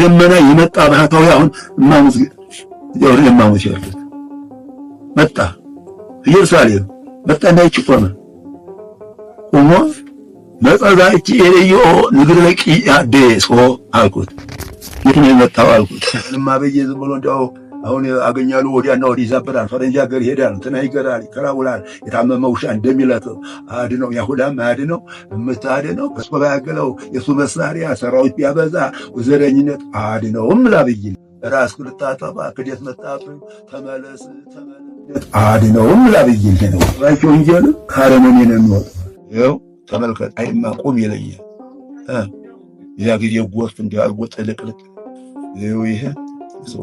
በደመና የመጣ ባህታዊ አሁን እማሙስ ይወር እማሙስ ይወርድ መጣ ኢየሩሳሌም መጣ እና ይቺ ቆመ ቆሞ መጸዛቺ የለዮ ንግር ለቂ አዴሶ አልኩት የት ነው የመጣው አልኩት ልማ ዝም ብሎ እንደው አሁን አገኛሉ ወዲያና ወዲህ ይዛበዳል፣ ፈረንጅ ሀገር ይሄዳል፣ እንትና ይገራል፣ ይከራውላል። የታመመ ውሻ እንደሚለጥፍ አድ ነው ያሁዳም አድ ነው የምታድ ነው ከሱ ባያገለው የሱ መሳሪያ ሰራዊት ቢያበዛ ወዘረኝነት አድ ነው ምላብይ ራስ ክልታጠባ ክደት መጣፍ ተመለስ ተመለስ አድ ነው ምላብይ ነው ራቸው እንጀል ካረመኔ ነው የሚወጥ ይው ተመልከት፣ አይማ ቁም ይለኛል ያ ጊዜ ጎርፍ እንዲያልወጥ ልቅልቅ ይሄ ሰው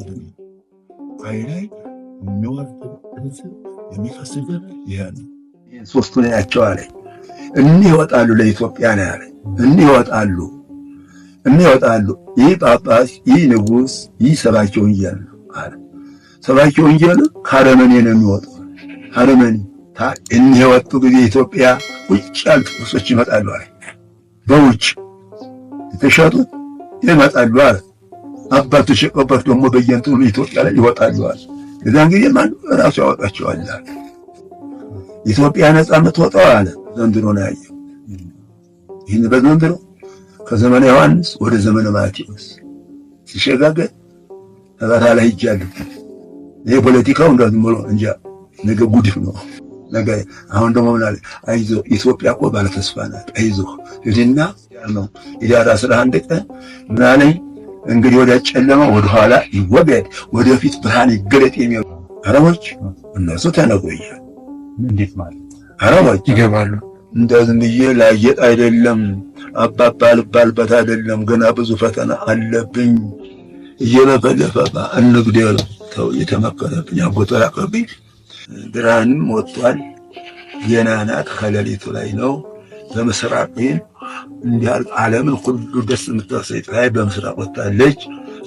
ጉባኤ ላይ የሚፈስገር ይሄ ነው። ሶስቱ ያቸው አለኝ። እኒህ ይወጣሉ ለኢትዮጵያ ነው ያለኝ። እኒህ ይወጣሉ እኒህ ይወጣሉ፣ ይህ ጳጳስ፣ ይህ ንጉስ፣ ይህ ሰባኪ ወንጌል ነው አለ። ሰባኪ ወንጌል ከአረመኔ ነው የሚወጡ አረመኔ። እኒህ የወጡ ጊዜ ኢትዮጵያ ውጭ ያሉ ቅዱሶች ይመጣሉ አለ። በውጭ የተሸጡት ይመጣሉ አለ። አባት ተሸቀበት ደግሞ በየእንትኑ ኢትዮጵያ ላይ ይወጣለዋል። እዛን ጊዜ ማን ራሱ ያወጣቸዋል። ኢትዮጵያ ነጻ የምትወጣው አለ ዘንድሮ ነው ያየው። ይህን በዘንድሮ ከዘመነ ዮሐንስ ወደ ዘመነ ማቴዎስ ሲሸጋገር ተበራ ላይ ይጃለሁ። ይሄ ፖለቲካው እንደዚህ ብሎ እንጃ ነገ ጉድፍ ነው ነገ። አሁን ደግሞ ምን አለ አይዞ ኢትዮጵያ እኮ ባለተስፋ ናት። አይዞ ይልና ነው ኢዳራ አንድ ቀን ምን አለኝ እንግዲህ ወደ ጨለማ ኋላ ይወገድ፣ ወደፊት ብርሃን ይገለጥ የሚሉ አረቦች እነሱ ተነቆያል። እንዴት ማለት አረቦች ይገባሉ። እንደ ዝም ብዬ ላየጥ አይደለም አባባ ልባልበት አይደለም። ገና ብዙ ፈተና አለብኝ። እየበፈለፈ እንግደሉ ተው የተመከረብኝ አጎጠራቀብኝ ብርሃንም ወጥቷል። የናናት ከሌሊቱ ላይ ነው። በምስራቅ እንዲያል ዓለምን ሁሉ ደስ የምታሰኝ ፀሐይ በምስራቅ ወጥታለች።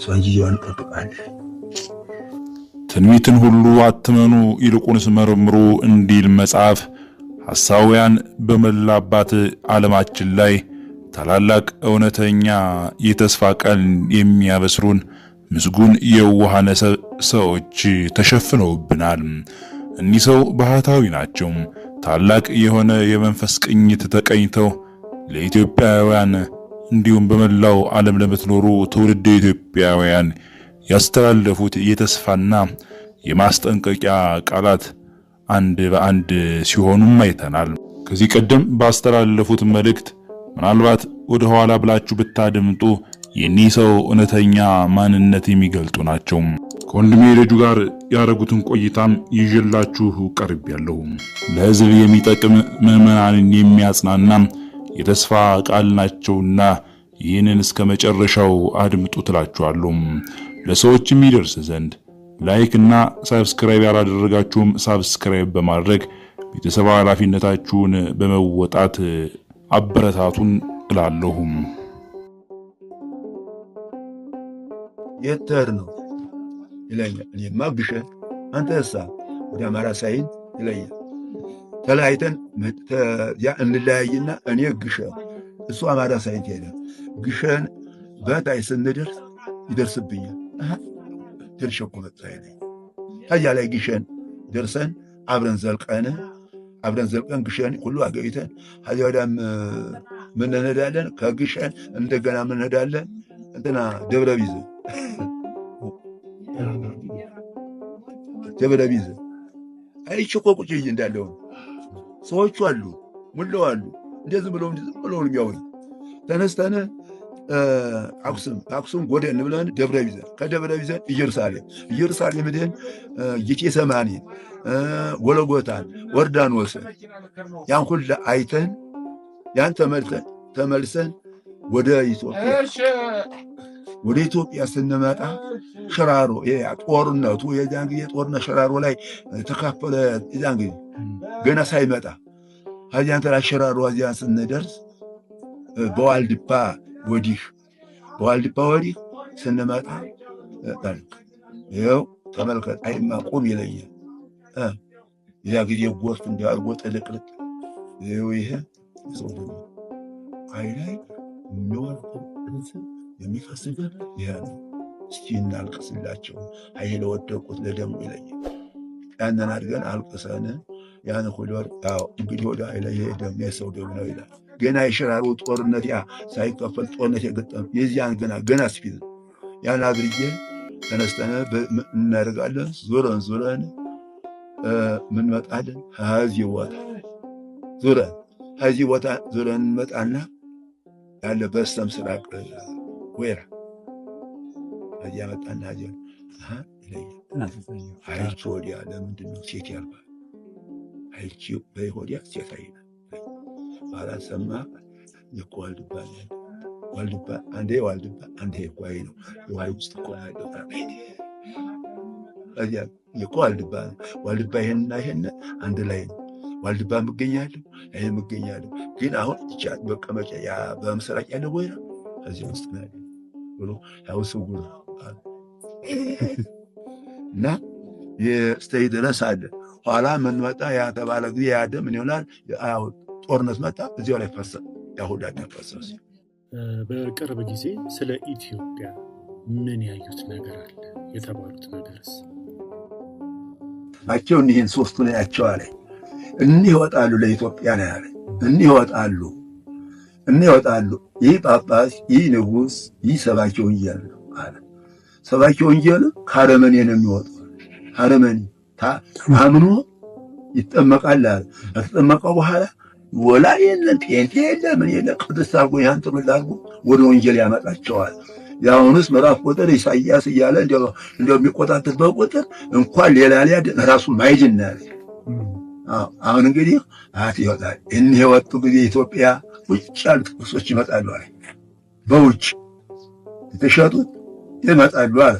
ሷንጂዋን እንጠብቃለን። ትንቢትን ሁሉ አትመኑ ይልቁንስ መርምሩ እንዲል መጽሐፍ ሐሳውያን በመላባት ዓለማችን ላይ ታላላቅ እውነተኛ የተስፋ ቀን የሚያበስሩን ምስጉን የውሃነ ሰዎች ተሸፍነውብናል። እኒህ ሰው ባህታዊ ናቸው። ታላቅ የሆነ የመንፈስ ቅኝት ተቀኝተው ለኢትዮጵያውያን እንዲሁም በመላው ዓለም ለምትኖሩ ትውልድ ኢትዮጵያውያን ያስተላለፉት የተስፋና የማስጠንቀቂያ ቃላት አንድ በአንድ ሲሆኑም አይተናል። ከዚህ ቀደም ባስተላለፉት መልእክት ምናልባት ወደ ኋላ ብላችሁ ብታደምጡ የኒህ ሰው እውነተኛ ማንነት የሚገልጡ ናቸው። ከወንድሜ ልጁ ጋር ያደረጉትን ቆይታም ይዤላችሁ ቀርብ ያለሁ ለህዝብ የሚጠቅም ምዕመናንን የሚያጽናና የተስፋ ቃል ናቸውና ይህንን እስከ መጨረሻው አድምጡ ትላችኋለሁ። ለሰዎችም ይደርስ ዘንድ ላይክ እና ሳብስክራይብ ያላደረጋችሁም ሳብስክራይብ በማድረግ ቤተሰብ ኃላፊነታችሁን በመወጣት አበረታቱን እላለሁም። የት ነው? ይለኛል። እኔማ ግሸ አንተሳ ወደ አማራ ሳይድ ይለኛል። ተለያይተን እንለያይና እኔ ግሸ እሱ አማራ ሳይድ ሄደ። ግሸን በታይ ስንደርስ ይደርስብኛል። ድርሽ እኮ መጣ ይለኝ። ከዚያ ላይ ግሸን ደርሰን አብረን ዘልቀን አብረን ዘልቀን ግሸን ሁሉ አገቢተን ከዚያ ወዳም ምን እንሄዳለን። ከግሸን እንደገና ምን እንሄዳለን እንትና ደብረ ቢዘ ደብረ ቢዘ አይቼ እኮ ቁጭ ብዬ እንዳለሁ ሰዎቹ አሉ፣ ሙለው አሉ። እንዴት ብሎ ብሎ የሚያወኝ ተነስተን አክሱም አክሱም ጎደን ብለን ደብረ ቢዘን ከደብረ ቢዘን ኢየሩሳሌም ኢየሩሳሌም ሄደን ጌቴ ሰማኒ ወለጎታን ዮርዳኖስን ያን ሁላ አይተን ያን ተመልሰን ወደ ኢትዮጵያ ወደ ኢትዮጵያ ስንመጣ ሽራሮ ጦርነቱ የዛን ጊዜ ጦርነት ሽራሮ ላይ ተካፈለ። የዛን ጊዜ ገና ሳይመጣ ከዚያን ተራ ሽራሮ እዚያን ስንደርስ በዋልድባ ወዲህ በዋልድባ ወዲህ ስንመጣ ይኸው ተመልከት፣ አይማ ቁም ይለኛል። ያ ጊዜ ጎርፍ እንዳልጎ ጥልቅልቅ ይሄ ሰው አይላይ የሚወርቁ የሚፈስገን ይህ ነው። እስቲ እናልቅስላቸው። ሀይ ለወደቁት ለደሙ ይለየ ያንን አድገን አልቅሰን ያን ሁሉ እንግዲህ ወደ ኃይለ የደም የሰው ደም ነው ይላል። ገና የሽራሮ ጦርነት ያ ሳይከፈል ጦርነት የገጠም የዚያን ገና ገና ስፊት ያን አድርጌ ተነስተነ እናደርጋለን። ዙረን ዙረን ምንመጣለን ከዚህ ቦታ ዙረን ከዚህ ቦታ ዙረን እንመጣና ያለ በስተምስራቅ ወይራ እያመጣና ዚሆን ይለያል። አይቺ ወዲያ ለምንድን ነው ሴት ያልባል? አይቺ በይሆዲያ ሴት አይነ ባላሰማ እኮ ዋልድባ ዋልድባ አንዴ ዋልድባ አንዴ ኳይ ነው የዋይ ውስጥ እኮ ያለው እኮ ዋልድባ ዋልድባ ይሄንና ይሄን አንድ ላይ ነው። ዋልድባ የምገኛለሁ ይህ የምገኛለሁ ግን አሁን በቀመጫ በምስራቅ ያለው ወይራ ከዚህ ውስጥ ነው ያለ ብሎ ያውስው እና የስተይ ድረስ አለ። ኋላ ምን መጣ? ያ ተባለ ጊዜ ያደ ምን ይሆናል? ጦርነት መጣ። እዚያው ላይ ፈሰ፣ ያሁዳ ደም ፈሰሰ። በቅርብ ጊዜ ስለ ኢትዮጵያ ምን ያዩት ነገር አለ? የተባሉት ነገርስ ናቸው። እኒህን ሶስቱን ያቸው አለ። እኒህ ይወጣሉ ለኢትዮጵያ ነው ያለ። እኒህ ይወጣሉ የሚያወጣሉ ይህ ጳጳስ፣ ይህ ንጉስ ይህ ሰባኪ ወንጌል ነው አለ። ሰባኪ ወንጌል ከአረመኔ ነው የሚወጣው። አረመኔ ታምኖ ይጠመቃል አለ። ከተጠመቀው በኋላ ወላ የለ ጴንጤ የለ ምን የለ ቅዱስ አርጎ ይህን ጥሩ ላርጎ ወደ ወንጌል ያመጣቸዋል። የአሁኑስ ምዕራፍ ቁጥር ኢሳይያስ እያለ እንደሚቆጣጠር በቁጥር እንኳን ሌላ ሊያድ ራሱ ማይድናል። አሁን እንግዲህ አት ይወጣል። እኒህ የወጡ ጊዜ ኢትዮጵያ ውጭ ያሉት ቁሶች ይመጣሉ አለ። በውጭ የተሸጡት ይመጣሉ አለ።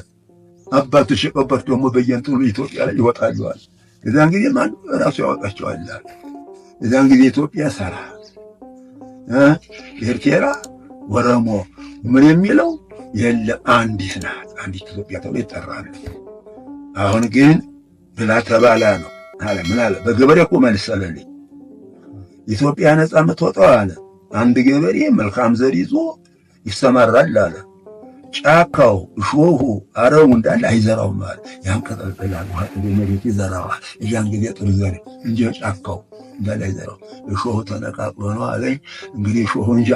አባቶች የቆበት ደግሞ በየንትኑ ኢትዮጵያ ላይ ይወጣሉ አለ። እዛን ጊዜ ማን ራሱ ያወጣቸዋል አለ። እዛን ጊዜ ኢትዮጵያ ሰራ፣ ኤርትራ፣ ወረሞ ምን የሚለው የለም። አንዲት ናት፣ አንዲት ኢትዮጵያ ተብሎ ይጠራሉ። አሁን ግን ብላ ተባላ ነው አለ። ምን አለ በገበሬ እኮ መልሰለልኝ ኢትዮጵያ ነፃ የምትወጣው አለ አንድ ገበሬ መልካም ዘር ይዞ ይሰማራል አለ። ጫካው፣ እሾሁ፣ አረሙ እንዳለ ማለት ያን ያንቀጠቅጣል፣ ውሃ ጥዶ መሬት ይዘራዋል። እያን ጊዜ ጥሩ ዘር እንጂ ጫካው እንዳለ አይዘራው። እሾሁ ተነቃቅሎ ነው አለኝ። እንግዲህ እሾሁ እንጃ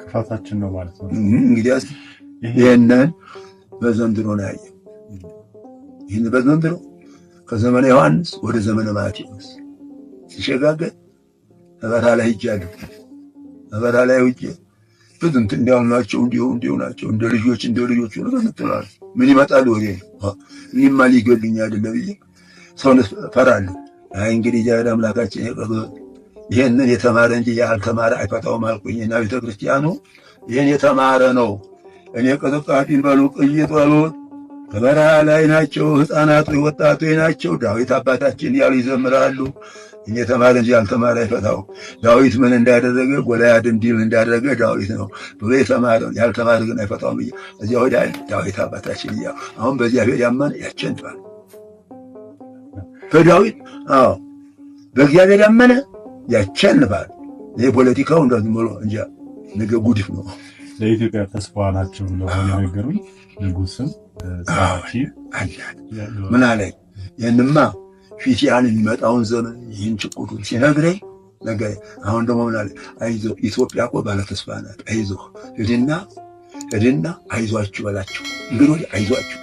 ክፋታችን ነው ማለት ነው። እንግዲያስ ይህንን በዘንድሮ ነው ያየ። ይህን በዘንድሮ ከዘመነ ዮሐንስ ወደ ዘመነ ማቴዎስ ሲሸጋገር በበረሃ ላይ ሂጅ አሉት። በበረሃ ላይ ውጭ ፍጥንት እንዲያው ናቸው እንዲሁ እንዲሁ ናቸው እንደ ልጆች እንደ ልጆች ሆነ ተሰጥተዋል። ምን ይመጣል ወሬ እኔማ ሊገሉኝ አይደለ ብዬ ሰውነት ፈራለሁ። አይ እንግዲህ እግዚአብሔር አምላካችን ይህንን የተማረ እንጂ ያልተማረ አይፈታውም አልኩኝና ቤተክርስቲያኑ ይህን የተማረ ነው። እኔ ቅጥቃጢን በሉ ቅይጥ በሉት በበረሃ ላይ ናቸው፣ ህፃናቱ ወጣቱ ናቸው። ዳዊት አባታችን ያሉ ይዘምራሉ። እየተማረ እንጂ ያልተማረ አይፈታው። ዳዊት ምን እንዳደረገ ጎልያድን እንዲል እንዳደረገ ዳዊት ነው ብሎ የተማረ ያልተማረ ግን አይፈታውም። እያ እዚያ ወደ ዳዊት አባታችን እያ አሁን በእግዚአብሔር ያመን ያቸንፋል። በዳዊት አዎ በእግዚአብሔር ያመነ ያቸንፋል። ይህ ፖለቲካው እንደዚህ ብሎ እንጂ ነገ ጉድፍ ነው። ለኢትዮጵያ ተስፋ ናቸው ብለው የነገሩኝ ንጉስም ጸሐፊ ምን አለኝ ይህንማ ፊት ያን የሚመጣውን ዘመን ይህን ጭቁቱን ሲነግረኝ ነገ አሁን ደግሞ ምናለ አይዞ ኢትዮጵያ እኮ ባለተስፋ ናት። አይዞ እድና እድና አይዟችሁ በላችሁ እንግዶ አይዟችሁ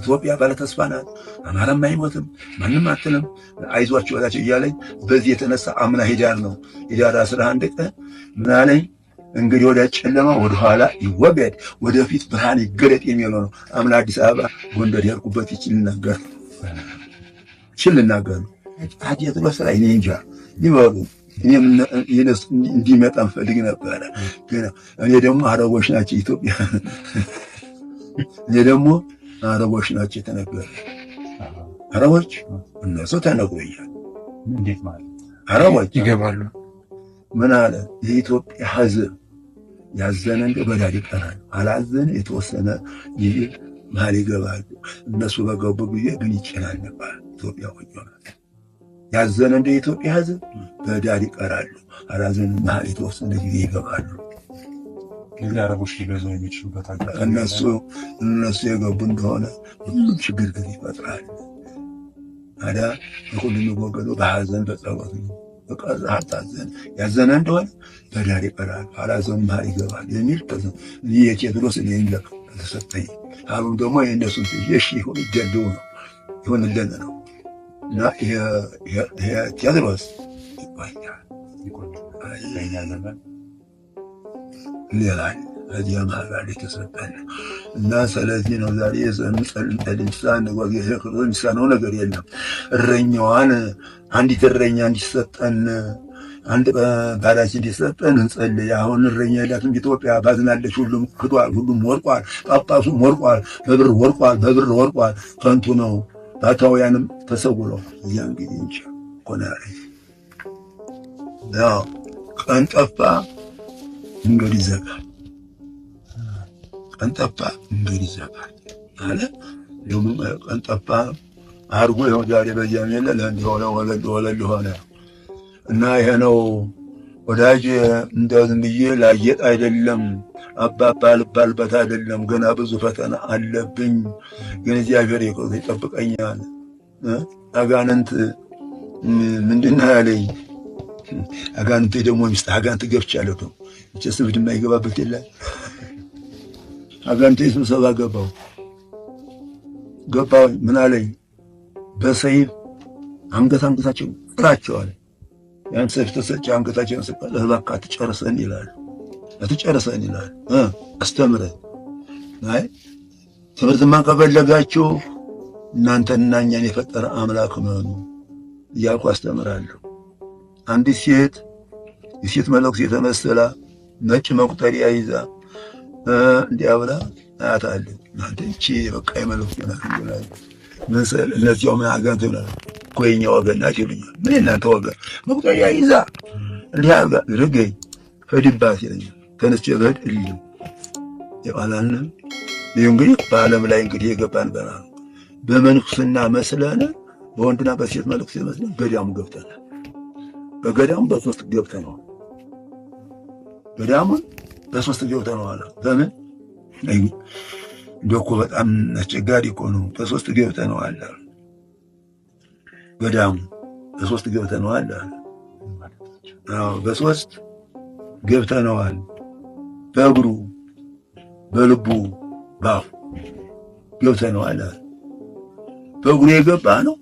ኢትዮጵያ ባለተስፋ ናት። አማራም አይሞትም፣ ማንም አትልም። አይዟችሁ በላችሁ እያለኝ በዚህ የተነሳ አምና ሂዳር ነው ሂዳር አስራ አንድ ቀን ምናለኝ እንግዲህ ወደ ጨለማ ወደኋላ ይወገድ ወደፊት ብርሃን ይገለጥ የሚለው ነው። አምና አዲስ አበባ ጎንደር ያልኩበት ይችል ነገር ችል ልናገር ታዲያ ጥሎ ስራ እኔ እንጃ ይበሉ። እኔም እንዲመጣ እንፈልግ ነበረ፣ ግን እኔ ደግሞ አረቦች ናቸው ኢትዮጵያ እኔ ደግሞ አረቦች ናቸው የተነገረ አረቦች እነሱ ተነግሮኛል። እንዴት ማለት አረቦች ይገባሉ? ምን አለ የኢትዮጵያ ሕዝብ ያዘነ እንደ በዳድ ይቀራል፣ አላዘነ የተወሰነ ጊዜ መሀል ይገባሉ። እነሱ በገቡ ጊዜ ግን ነበር ኢትዮጵያ ወዮላት። ያዘነ እንደ ኢትዮጵያ ሕዝብ በዳር ይቀራሉ። አላዘን መሀሌት ውስጥ እንደዚህ ይገባሉ። እንግዲህ አረቦች ሊገዙ የሚችሉበት እነሱ እነሱ የገቡ እንደሆነ ሁሉም ችግር ግን ይፈጥራል። አዳ ሁሉ የሚወገደው በሐዘን በጸሎት ነው። ያዘነ እንደሆነ በዳር ይቀራል፣ አላዘን መሀል ይገባል የሚል የቴድሮስ ተሰጠኝ። አሁን ደግሞ የእነሱን እሺ ይሁን ይደልው ነው ይሁንልን ነው እና ቴዎድሮስ ይባኛል። ሌላ ከዚያ ማህበር የተሰጠን እና ስለዚህ ነው ዛሬ ነገር የለም። እረኛዋን አንዲት እረኛ እንዲሰጠን አንድ እንዲሰጠን አሁን እረኛ የላትም ኢትዮጵያ፣ ባዝናለች። ሁሉም ክዷል፣ ሁሉም ወርቋል፣ ጳጳሱም ወርቋል፣ በብር ወርቋል፣ በብር ወርቋል። ከንቱ ነው። ባታውያንም ተሰውረው እያን ጊዜ እንጂ ቆናሪ ያው ቀን ጠፋ መንገድ ይዘጋል፣ ቀን ጠፋ መንገድ ይዘጋል አለ። ቀን ጠፋ አርጎ ይኸው ዛሬ በዚያም የለ ለእንዲህ እና ይሄ ነው ወዳጅ እንደው ዝም ላየጥ አይደለም አባባ ልባልበት አይደለም። ገና ብዙ ፈተና አለብኝ፣ ግን እግዚአብሔር ይጠብቀኛል። አጋንንት ምንድን ያለኝ? አጋንንት ደግሞ ሚስት አጋንንት ገብቻለሁ ነው እጭስ ብድ የማይገባበት የለ አጋንንት ስብሰባ ገባው ገባው ምን አለኝ? በሰይፍ አንገት አንገታቸው ጥላቸዋል ያን ያንሰሽ ተሰጪ አንገታችን ስቀል እባካ አትጨርሰን ይላል አትጨርሰን ይላል አስተምረን። አይ ትምህርትማ ከፈለጋችሁ እናንተንና እኛን የፈጠረ አምላክ መሆኑ እያልኩ አስተምራለሁ። አንዲት ሴት የሴት መለኩስ የተመሰላ ነጭ መቁጠሪያ ይዛ እንዲያብላ አያታለን። እናንተ እቺ በቃ የመለኩስ ምን እነዚያው ምን አጋንት ይብላል እኮ የኛ ወገን ናት ይሉኛል። ምን እናንተ ወገን መቁጠሪያ ይዛ እንዲህ ርገኝ ፈድባት ይለኛል። ተነስቼ በድ እልም የባላልንም ይህ እንግዲህ በዓለም ላይ እንግዲህ የገባን በራ ነው። በመንኩስና መስለን በወንድና በሴት መልኩስ መስለን ገዳሙ ገብተናል። በገዳሙ በሶስት ገብተነዋል። ገዳሙን በሶስት ገብተነዋል። በምን እንደ በጣም አስቸጋሪ እኮ ነው። በሶስት ገብተነዋል። ገዳሙ በሶስት ገብተነዋል አለ። አዎ በሶስት ገብተነዋል። በእግሩ በልቡ ባፉ ገብተነዋል አለ። በእግሩ የገባ ነው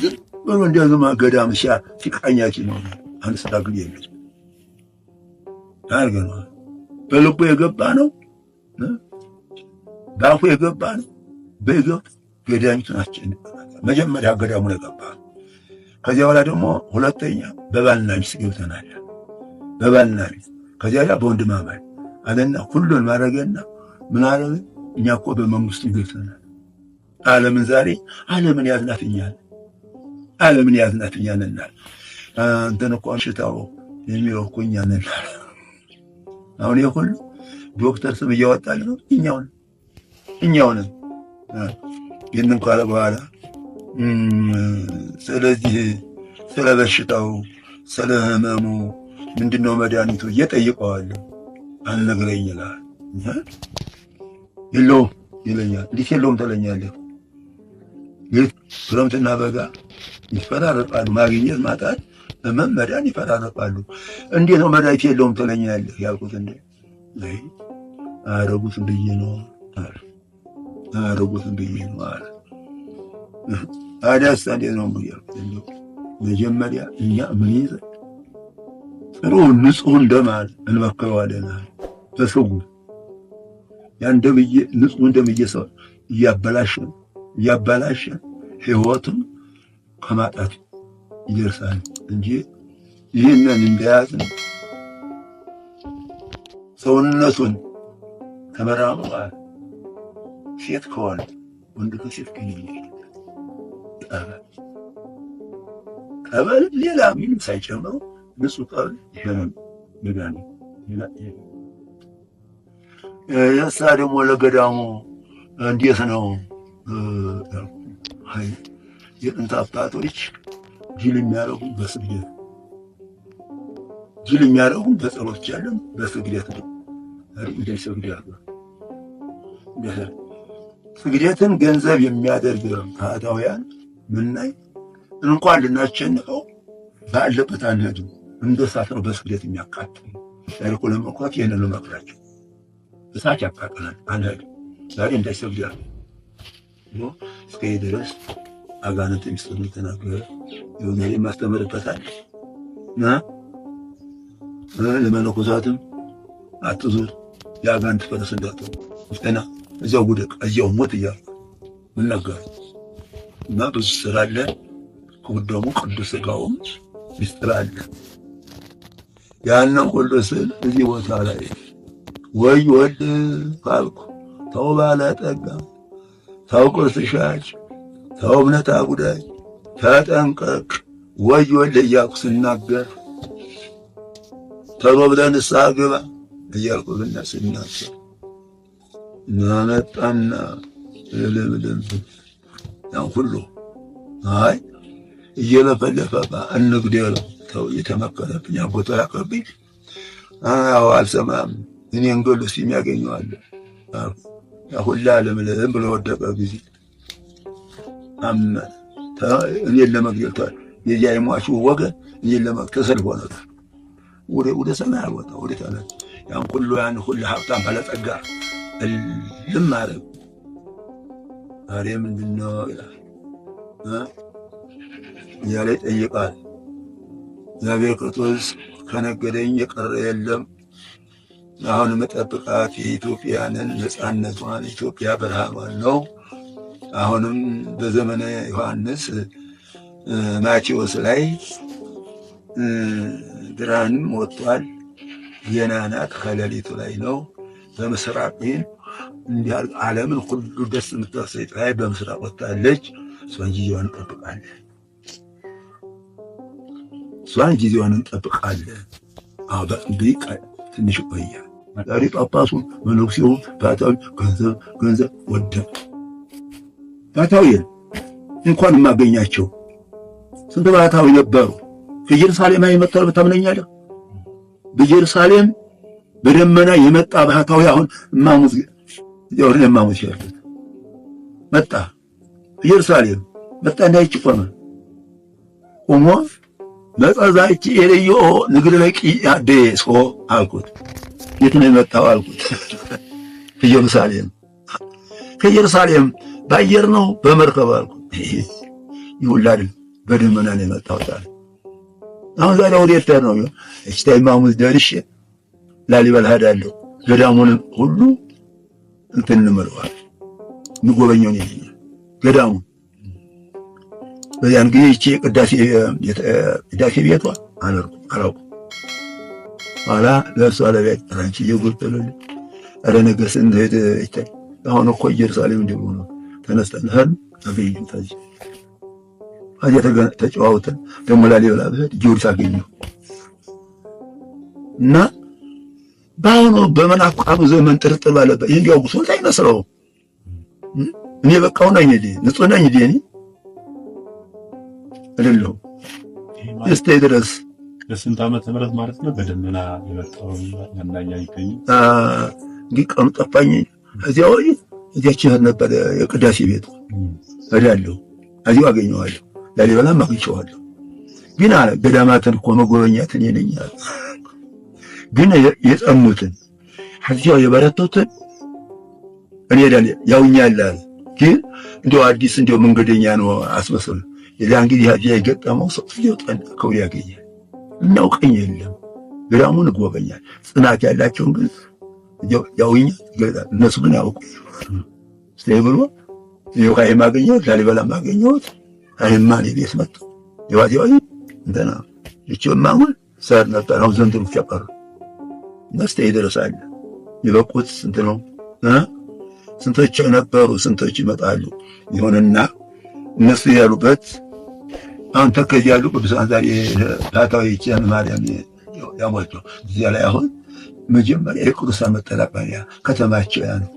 ግን ብሎ እንደዚህማ ገዳም ሻ ሲቃኛች ነው አንስታግል የሚል አድርገነዋል። በልቡ የገባ ነው፣ ባፉ የገባ ነው በይገብት የዳኝቱን አስጨንቀናል። መጀመሪያ አገዳሙ ላይ ገባ። ከዚያ በኋላ ደግሞ ሁለተኛ በባልና ሚስት ገብተናል። በባልና ሚስት ከዚያ ላ በወንድማማች አለና ሁሉን ማድረገና ምን አለ እኛ እኮ በመንግስቱ ገብተናል። አለምን ዛሬ አለምን ያዝናትኛል አለምን ያዝናትኛል እናል እንትን እኮ ሽታው የሚለው እኮ እኛ ነን። አሁን ይህ ሁሉ ዶክተር ስም እያወጣል ነው እኛውን እኛውንን ይህንን ካለ በኋላ ስለዚህ ስለ በሽታው ስለ ህመሙ ምንድነው መድኃኒቱ እየጠይቀዋለሁ። አልነግረኝ ይላል። የለውም ይለኛል። እንዴት የለውም ትለኛለህ? ክረምትና በጋ ይፈራረቃሉ። ማግኘት ማጣት፣ ህመም፣ መዳን ይፈራረቃሉ። እንዴት ነው መድኃኒት የለውም ትለኛለህ? ያልኩት እንደ አረጉት ብዬ ነው አያደርጉት ብዬ ማለት አዳስ ታዲያ ነው ያልኩት። እንደው መጀመሪያ እኛ ምን ይዘ ጥሩ ንጹህ እንደማል እንመክረዋለን። ተሰጉ ያን ደም ንጹህ እንደም እየሰው እያበላሸን እያበላሸን ህይወቱን ከማጣት ይደርሳል እንጂ ይህንን እንደያዝን ሰውነቱን ተመራምሯል። ሴት ከሆነ ወንድ ከሴት ግንኙነት ጠበል ጠበል ሌላ ምንም ሳይጨምሩ ንጹህ ጠበል ይሄንን መዳን የእሳ ደግሞ ለገዳሙ እንዴት ነው? የጥንት አባቶች ጅል የሚያደርጉ በስግደት ጅል የሚያደርጉ በጸሎት ያለም በስግደት ነው። እንደ ስግደት ነው ስግደትን ገንዘብ የሚያደርግ ፋታውያን ምናይ እንኳን ልናሸንፈው ባለበት አንሄድም። እንደ እሳት ነው በስግደት የሚያቃጥል ታሪኮ ለመኳት ይህን ለመቅራቸው እሳት ያቃጥላል፣ አንሄድም። ዛሬ እንዳይሰግድ ያለ እስከ ድረስ አጋነት የሚስጥ ተናግረ የሆነ የማስተምርበታል ለመነኮሳትም አትዙር የአጋንንት ፈረስ እንዳትሆን እዚያው ውደቅ፣ እዚያው ሞት እያልኩ ምናገር እና ብዙ ስራ አለ። ክቡር ደግሞ ቅዱስ ሥጋውም ሚስጥር አለ። ያንን ሁሉ ስል እዚህ ቦታ ላይ ወይ ወድ ካልኩ ተው ባለጠጋ፣ ተው ቁርስ ሻጭ፣ ተው እምነት አጉዳይ ተጠንቀቅ፣ ወይ ወድ እያልኩ ስናገር ተሎ ብለህ ንስሐ ግባ እያልኩ ብና ስናገር መጣና ለምለም ያን ሁሉ አይ እየለፈለፈ እንግደለው ተው እየተመከረብኝ አጎቶ ያቀብኝ አዎ አልሰማም እኔ እንግል እስኪ የሚያገኘዋለ ሁላ ለምለም ብሎ ወደቀ ጊዜ አመ እኔን ለመግደልቷል የዚያ የሟቹ ወገን እኔን ለመግ ተሰልፎ ነበር ወደ ሰማይ አልወጣ ወደ ያን ሁሉ ያን ሁሉ ሀብታም ባለጸጋ እልም አለው። ዛሬ ምንድን ነው ይላል እያለ ይጠይቃል። እግዚአብሔር ክርስቶስ ከነገደኝ የቀረ የለም። አሁን መጠብቃት የኢትዮጵያንን ነፃነቷን ኢትዮጵያ ብርሃኗን ነው። አሁንም በዘመነ ዮሐንስ ማቴዎስ ላይ ብርሃንም ወጥቷል። ዜና ናት። ከሌሊቱ ላይ ነው። በምስራቅ እንዲያል ዓለምን ሁሉ ደስ የምታሰኝ ፀሐይ በምስራቅ ወጥታለች። እሷን ጊዜዋን እንጠብቃለን። እሷን ጊዜዋን እንጠብቃለን። ትንሽ ቆያል። ጣሪ ጳጳሱም መነኩሴውም ፓታዊ ገንዘብ ገንዘብ ወደም ፓታዊን እንኳን የማገኛቸው ስንት ባህታዊ ነበሩ። ከኢየሩሳሌም አይመጣል ብታምነኛለህ በኢየሩሳሌም በደመና የመጣ ባህታዊ አሁን ማሙዝ ይወርደ ማሙዝ ያሉት መጣ ኢየሩሳሌም መጣ እንዳይች ቆመ ቆሞ መጸዛች የለዮ ንግድ ላይ አደሶ አልኩት። የት ነው የመጣው አልኩት። ኢየሩሳሌም ከኢየሩሳሌም በአየር ነው በመርከብ አልኩት። ይሁላል በደመና ነው የመጣው ታዲያ አሁን ዛሬ ወዴት ነው እሽታይ ማሙዝ ደርሼ ላሊበላ ሄዳለሁ። ገዳሙን ሁሉ እንትን እንመለዋል ንጎበኘውን ይልኛል ገዳሙ በዚያን ጊዜ ይቺ ቅዳሴ ቤቷ አነርኩ አላውቁ ኋላ ለእርሷ ለቤት ራንቺ እየጎጠለል ኧረ ነገር ስንት ይታይ አሁን እኮ ኢየሩሳሌም እንዲሁ ነው። ተነስተን ሄድን ታዚ አዚያ ተጨዋውተን ደግሞ ላሊበላ ብሄድ ጊዮርጊስ አገኘሁ እና በአሁኑ በመናፍቃኑ ዘመን ጥርጥር ባለበት ይህ እንዲያው ጉሶት አይመስለው። እኔ በቃው ነኝ እንዴ? ንጹህ ነኝ እንዴ? እኔ አይደለሁ። እስቴ ድረስ ለስንት ዓመተ ምህረት ማለት ነው በደመና የመጣው መናኛ ይገኝ እንግዲህ ቀኑ ጠፋኝ። እዚያ ወይ እዚያችን ነበር የቅዳሴ ቤት እሄዳለሁ፣ እዚሁ አገኘዋለሁ። ላሊበላም አግኝቼዋለሁ። ግን አለ ገዳማትን እኮ መጎበኛት እኔ ነኝ አለ ግን የጸኑትን ከዚያው የበረቱትን እኔ ዳን እኛ ያለን ግን እንዲያው አዲስ እንዲያው መንገደኛ ነው አስመስሎ የዛን ጊዜ ዚያ የገጠመው ሰው ትየው ጠና ከውል ያገኛል። እናውቀኝ የለም ግራሙን እጎበኛል። ጽናት ያላቸውን ግን ያው እኛ እነሱ ግን ያውቁ ስለብሎ ብሎ የውሃይ ማገኘሁት ላሊበላ ማገኘሁት አይማን ቤት መጡ የዋዜዋ እንደና ይችማ ሁን ሰር ነበር አሁን ዘንድሮ ሸቀሩ መስተይ ይደርሳል። ይበቁት ስንት ነው? ስንቶች ነበሩ? ስንቶች ይመጣሉ? ይሁንና እነሱ ያሉበት አሁን ተከዚ ያሉ ቅዱሳን ዛሬ ታታዎች ማርያም ያሟቸው እዚያ ላይ አሁን መጀመሪያ የቅዱሳን መጠላቀሚያ ከተማቸው ያ ነው።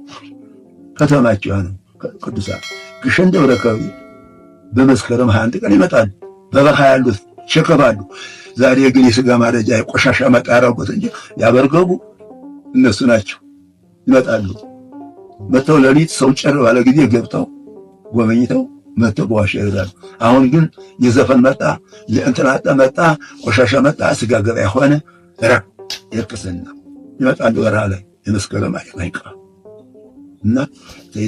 ከተማቸው ያ ነው። ቅዱሳን ግሸን ደብረ ከርቤ በመስከረም ሀያ አንድ ቀን ይመጣል። በበረሃ ያሉት ይሸከፋሉ። ዛሬ ግን የስጋ ማረጃ የቆሻሻ መጣራጎት እንጂ ያበርገቡ እነሱ ናቸው። ይመጣሉ። መጥተው ለሊት ሰው ጭር ባለ ጊዜ ገብተው ጎበኝተው መጥተው በዋሻ ይሄዳሉ። አሁን ግን የዘፈን መጣ፣ የእንትናጣ መጣ፣ ቆሻሻ መጣ፣ ስጋ ገበያ ሆነ። ረቅ የቅስና ይመጣሉ። ወርሃ ላይ የመስከረም ማለት አይቀርም እና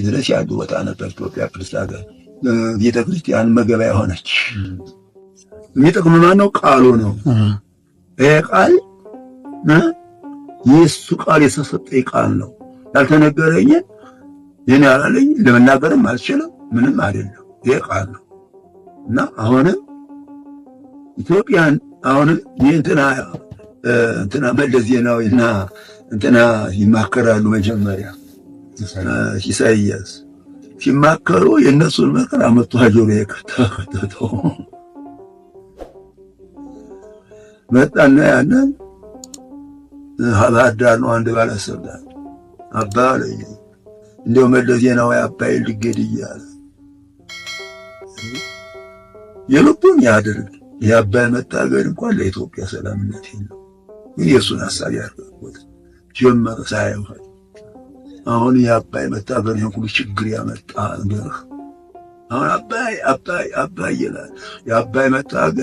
ድረስ ያሉ ቦታ ነበር ኢትዮጵያ ቅድስት ሀገር ቤተክርስቲያን መገበያ ሆነች። የሚጠቅም ማን ነው? ቃሉ ነው። ይሄ ቃል የእሱ ቃል የተሰጠኝ ቃል ነው። ያልተነገረኝን ይህን ያላለኝ ለመናገርም አልችልም። ምንም አይደለም። ይሄ ቃል ነው እና አሁንም ኢትዮጵያን አሁንም ይህንትና እንትና መለስ ዜናዊና እንትና ይማከራሉ። መጀመሪያ ኢሳይያስ ሲማከሩ የእነሱን መከራ መቶ ሀጆሮ የከተተው መጣና ያንን ባህርዳር ነው አንድ ባለስልጣን አባ አለኝ እንዲያው መለስ ዜናዊ አባይ ልገድ እያለ የልቡን ያድርግ። ይህ አባይ መታገድ እንኳን ለኢትዮጵያ ሰላምነት የለው። ግን የእሱን ሀሳብ ያርገቦት ጀመረ ሳይሆን አሁን የአባይ መታገድ ይህን ሁሉ ችግር ያመጣ ንገርህ አሁን አባይ አባይ አባይ ይላል። የአባይ መታገድ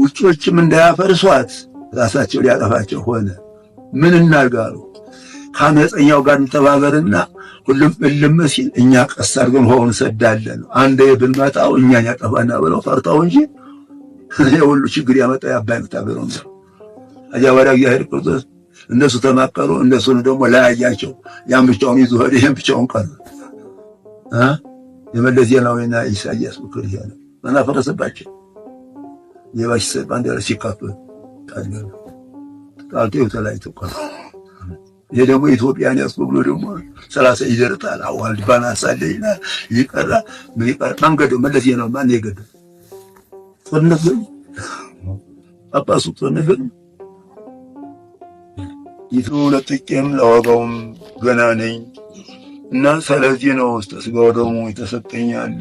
ውጮችም እንዳያፈርሷት ራሳቸው ሊያጠፋቸው ሆነ። ምን እናርጋሉ? አሉ። ከአመፀኛው ጋር እንተባበርና ሁሉም እልም ሲል እኛ ቀስ አድርገን ውሃውን ሰዳለን፣ አንዴ ብንመጣው እኛን ያጠፋና ብለው ፈርተው እንጂ የሁሉ ችግር ያመጣ የአባይ መታገሩ ነው። አጃባዳ እግዚአብሔር ቅዱስ እነሱ ተማከሩ። እነሱን ደግሞ ለያያቸው። ያን ብቻውን ይዞ ሄደ፣ ይህን ብቻውን ቀረ። የመለስ ዜናዊና ኢሳያስ ምክር ይሄ ነው። መናፈረሰባቸው የባሽ ባንድ ሲካፈል ታድጋለ ተጣልተው ተለያይተው ቀረ። ይሄ ደግሞ ኢትዮጵያን ያስበብሎ ደግሞ ሰላሳ ይደርታል አዋል ባና ይቀራ ይቀራ መንገዱ መለስ ይሄ ነው። ማን ጦርነት ጳጳሱ ጦርነት ይቱ ለጥቄም ለዋጋውም ገና ነኝ እና ስለዚህ ነው ስጋው ደግሞ የተሰጠኛል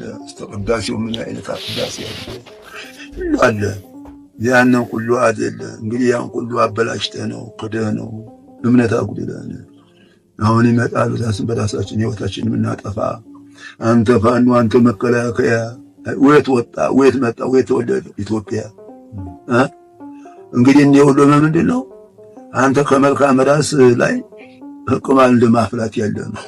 ቅዳሴው ምን አይነት ቅዳሴ ሁሉ አለ። ያንን ሁሉ አደለ እንግዲህ ያን ሁሉ አበላሽተህ ነው ክደህ ነው እምነት አጉድለን አሁን ይመጣሉ ራስን በራሳችን ህይወታችን የምናጠፋ አንተ ፋኖ አንተ መከላከያ ወየት ወጣ ወየት መጣ ወየት ተወለደ ኢትዮጵያ እንግዲህ እኔ ሁሉ ምንድን ነው አንተ ከመልካም ራስ ላይ ህቅማል እንደማፍላት ያለ ነው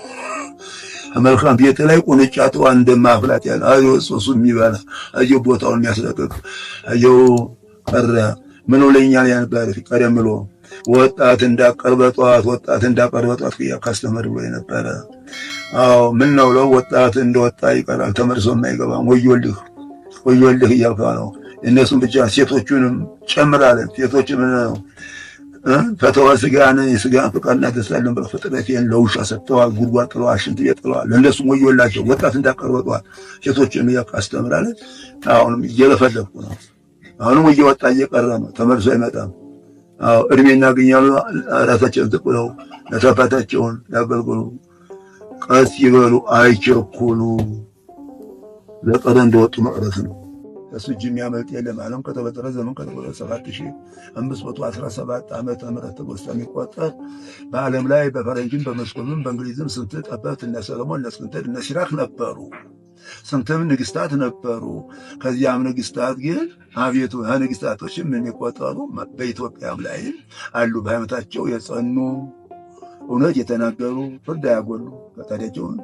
መልካም ቤት ላይ ቁንጫተዋ እንደማፍላት ያለ አየው ሶሱ የሚበላ አየው ቦታውን የሚያስለቅቅ አየው ቀረ ምን ለኛል ያንባር ቀደም ብሎ ወጣት እንዳቀርበ ጠዋት ወጣት እንዳቀርበ ጠዋት ካስተመር ብሎ የነበረ አዎ ምን ነው ለው ወጣት እንደወጣ ይቀራል ተመልሶ የማይገባም ወዮልህ ወዮልህ እያልካ ነው። እነሱም ብቻ ሴቶቹንም ጨምራለን ሴቶች ነው ፈተዋ ስጋን የስጋን ፍቃድ እናደርሳለን ብለው ፍጥረቴን ለውሻ ሰጥተዋል። ጉድጓድ ጥለዋል። ሽንት ቤት ጥለዋል። ለእነሱም ወዮላቸው። ወጣት እንዳቀርበጠዋል። ሴቶችን ያቅ አስተምራለን። አሁንም እየለፈለፍኩ ነው። አሁንም እየወጣ እየቀረ ነው። ተመልሶ አይመጣም። እድሜ እናገኛሉ። ራሳቸውን ጥቅለው ለተፈታቸውን ያገልግሉ። ቀስ ይበሉ፣ አይቸኩሉ። ለቀረ እንደወጡ መቅረት ነው። ከሱ እጅ የሚያመልጥ የለም። ዓለም ከተፈጠረ ዘመን ከተቆጠ 7517 ዓመተ ምህረት ተጎስታ የሚቆጠር በዓለም ላይ በፈረንጅም በመስኮምም በእንግሊዝም ስንት ጠበብት እነ ሰለሞን እነ እስክንድር እነ ሲራክ ነበሩ። ስንትም ንግስታት ነበሩ። ከዚያም ንግስታት ግን አቤቱ ንግስታቶችም የሚቆጠሩ በኢትዮጵያም ላይም አሉ። በሃይማኖታቸው የጸኑ እውነት የተናገሩ ፍርድ አያጎሉ ፈጣሪያቸውን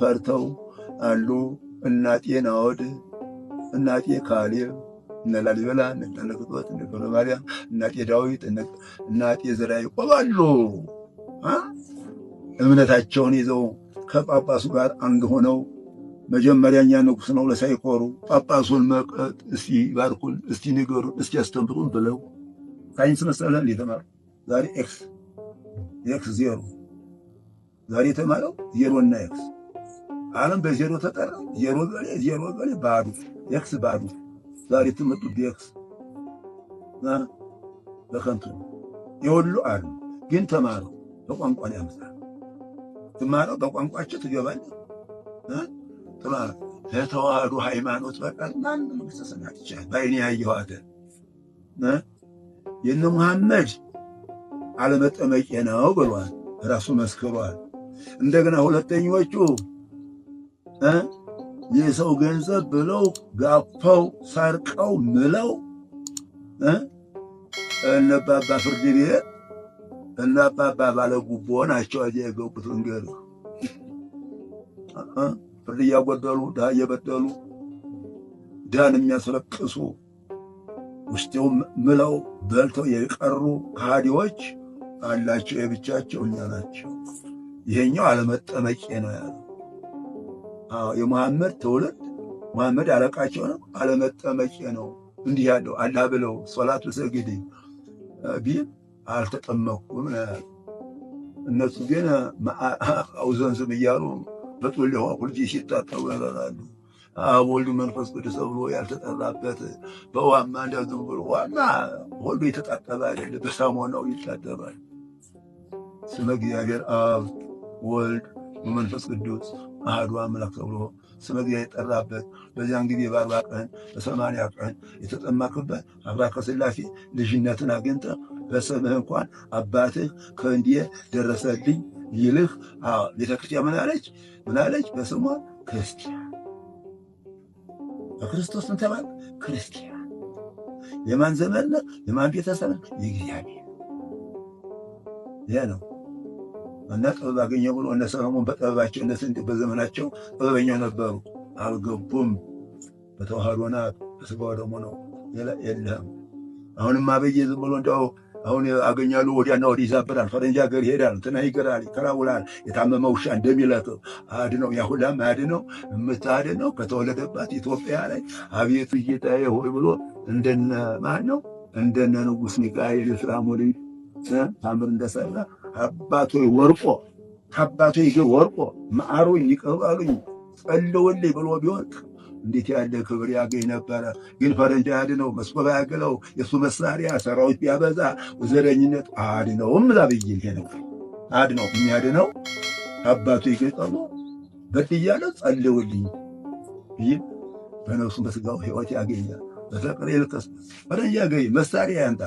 ፈርተው አሉ እና ጤናወድ እናቴ ካሌብ እነ ላሊበላ እነ ዳለክቶት እነ ገብረ ማርያም እናቴ ዳዊት እናቴ ዘርዓ ያዕቆብ አሉ። እምነታቸውን ይዘው ከጳጳሱ ጋር አንድ ሆነው መጀመሪያኛ እኛ ንጉሥ ነው ለሳይኮሩ ጳጳሱን መቀጥ እስቲ ባርኩን፣ እስቲ ንገሩን፣ እስቲ ያስተምሩን ብለው ሳይንስ መሰለ የተማሩ ዛሬ ኤክስ ኤክስ ዜሮ ዛሬ የተማረው እና ኤክስ ዓለም በዜሮ ተጠራ። ዜሮ ገሌ ዜሮ ገሌ ባዶ ኤክስ ባዶ። ዛሬ ትምህርቱ በኤክስ በከንቱ የወሉ አሉ። ግን ተማሩ፣ በቋንቋ ላይ ያምሳ ትማረው፣ በቋንቋቸው ትገባለህ። ተማረ ለተዋህዶ ሃይማኖት በቃ ማንም መንግስተ ሰማያት ይቻላል። በአይኔ ያየኋት የነ ሙሐመድ አለመጠመቄ ነው ብሏል፣ ራሱ መስክሯል። እንደገና ሁለተኞቹ የሰው ገንዘብ ብለው ጋፋው ሰርቀው ምለው እነ አባባ ፍርድ ቤት እነ አባባ ባለጉቦ ናቸው አዚ የገቡት እንገር ፍርድ እያጎደሉ ድሃ እየበደሉ ዳን የሚያስለቅሱ ውስጤው ምለው በልተው የቀሩ ከሃዲዎች አላቸው የብቻቸው እኛ ናቸው። ይሄኛው አለመጠመቄ ነው ያለው። የመሐመድ ትውልድ መሐመድ አለቃቸው ነው። አለመጠመቄ ነው እንዲህ ያለው አላ ብለው ሶላት ሰግድ ቢል አልተጠመኩም። እነሱ ግን አውዘንዝም እያሉ በጡል ውሃ ሁልጊዜ ሲታጠቡ ያበራሉ። አብ ወልድ መንፈስ ቅዱስ ተብሎ ያልተጠራበት በዋማ እንዳዝም ብሎ ዋማ ሁሉ የተጣጠበ አይደለም፣ በሳሞናው ይታጠባል። ስመ እግዚአብሔር አብ ወልድ በመንፈስ ቅዱስ አሐዱ አምላክ ተብሎ ስመ እግዚአብሔር የጠራበት በዚያን ጊዜ በአርባ ቀን በሰማንያ ቀን የተጠመክበት አብራ ከሥላሴ ልጅነትን አግኝተ በስምህ እንኳን አባትህ ከእንዲየ ደረሰልኝ ይልህ ቤተ ምናለች ምናለች? በስሟ ክርስቲያን በክርስቶስ ምንተባል ክርስቲያን የማን ዘመን የማን ቤተሰብ የእግዚአብሔር ይህ ነው። እና ጥበብ አገኘ ብሎ እነ ሰሎሞን በጥበባቸው እነ ስንት በዘመናቸው ጥበበኛ ነበሩ። አልገቡም። በተዋህዶና በስጋ ደግሞ ነው የለም። አሁንም አብይ ዝም ብሎ እንደው አሁን አገኛሉ ወዲያና ወዲህ ይዛብዳል። ፈረንጅ ሀገር ይሄዳል፣ እንትና ይገራል፣ ይከራውላል። የታመመ ውሻ እንደሚለቅ አድነው ያሁላም አድነው ነው ከተወለደባት ኢትዮጵያ ላይ አቤቱ ጌታዬ ሆይ ብሎ እንደነ ማን ነው እንደነ ንጉስ ሚካኤል የስራሞሊ ታምር እንደሰራ አባቶ ወርቆ ከአባቶ ይገ ወርቆ ማዕሩኝ ይቀበሉኝ ጸልውልኝ ብሎ ቢወርቅ እንዴት ያለ ክብር ያገኝ ነበረ። ግን ፈረንጅ አያድነው፣ መስኮብ ያገለው የእሱ መሳሪያ ሰራዊት ቢያበዛ ዘረኝነት አድነውም እዛ ብዬ ይሄ ነው አድነው የሚያድነው አባቱ ይገጠሉ በድ እያለው ጸልውልኝ ይህ በነፍሱ በስጋው ህይወት ያገኛል። በተቀሬ ልከስ ፈረንጅ ያገኝ መሳሪያ ያንጣ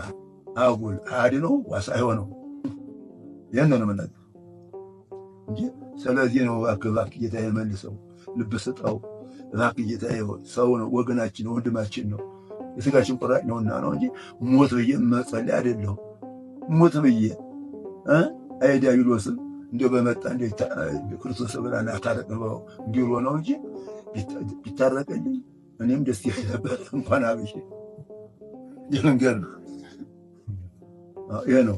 አጉል አድነው ዋሳ አይሆነው ያን ነው መናገር እንጂ። ስለዚህ ነው እባክህ እባክህ ጌታዬ መልሰው፣ ልብ ስጠው እባክህ ጌታዬ። ሰው ነው ወገናችን ነው ወንድማችን ነው የስጋችን ቁራጭ ነውና ነው እንጂ ሞት ብዬ መጸለይ አይደለሁም። ሞት ብዬ ዲያብሎስም እንዲ በመጣ እንዲ ክርስቶስ ብላ ታረቅ ነው እንዲሉ ነው እንጂ ቢታረቅልኝ እኔም ደስ ይል ነበር። እንኳን አብሽ ይህን ገር ይህ ነው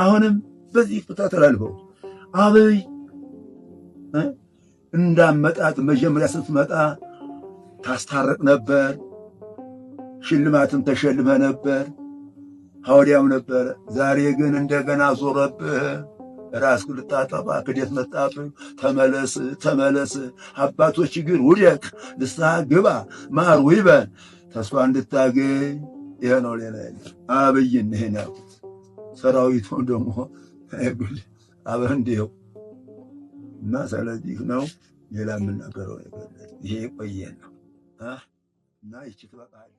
አሁንም በዚህ ቦታ ተላልፈው አብይ እንዳመጣት መጀመሪያ ስትመጣ ታስታረቅ ነበር። ሽልማትም ተሸልመ ነበር፣ ሐውዲያም ነበር። ዛሬ ግን እንደገና ዞረብህ። ራስ ልታጠባ ክደት መጣፍ ተመለስ ተመለስ። አባቶች ግን ውደቅ፣ ንስሐ ግባ፣ ማር ይበል፣ ተስፋ እንድታገኝ። ይሄ ነው ሌላ አብይን ይሄ ነው። ሰራዊቱ ደግሞ ጉል አብረን እንዲው እና ስለዚህ ነው። ሌላ የምናገረው ነገር ይሄ ቆየ ነው እና ይችት በቃ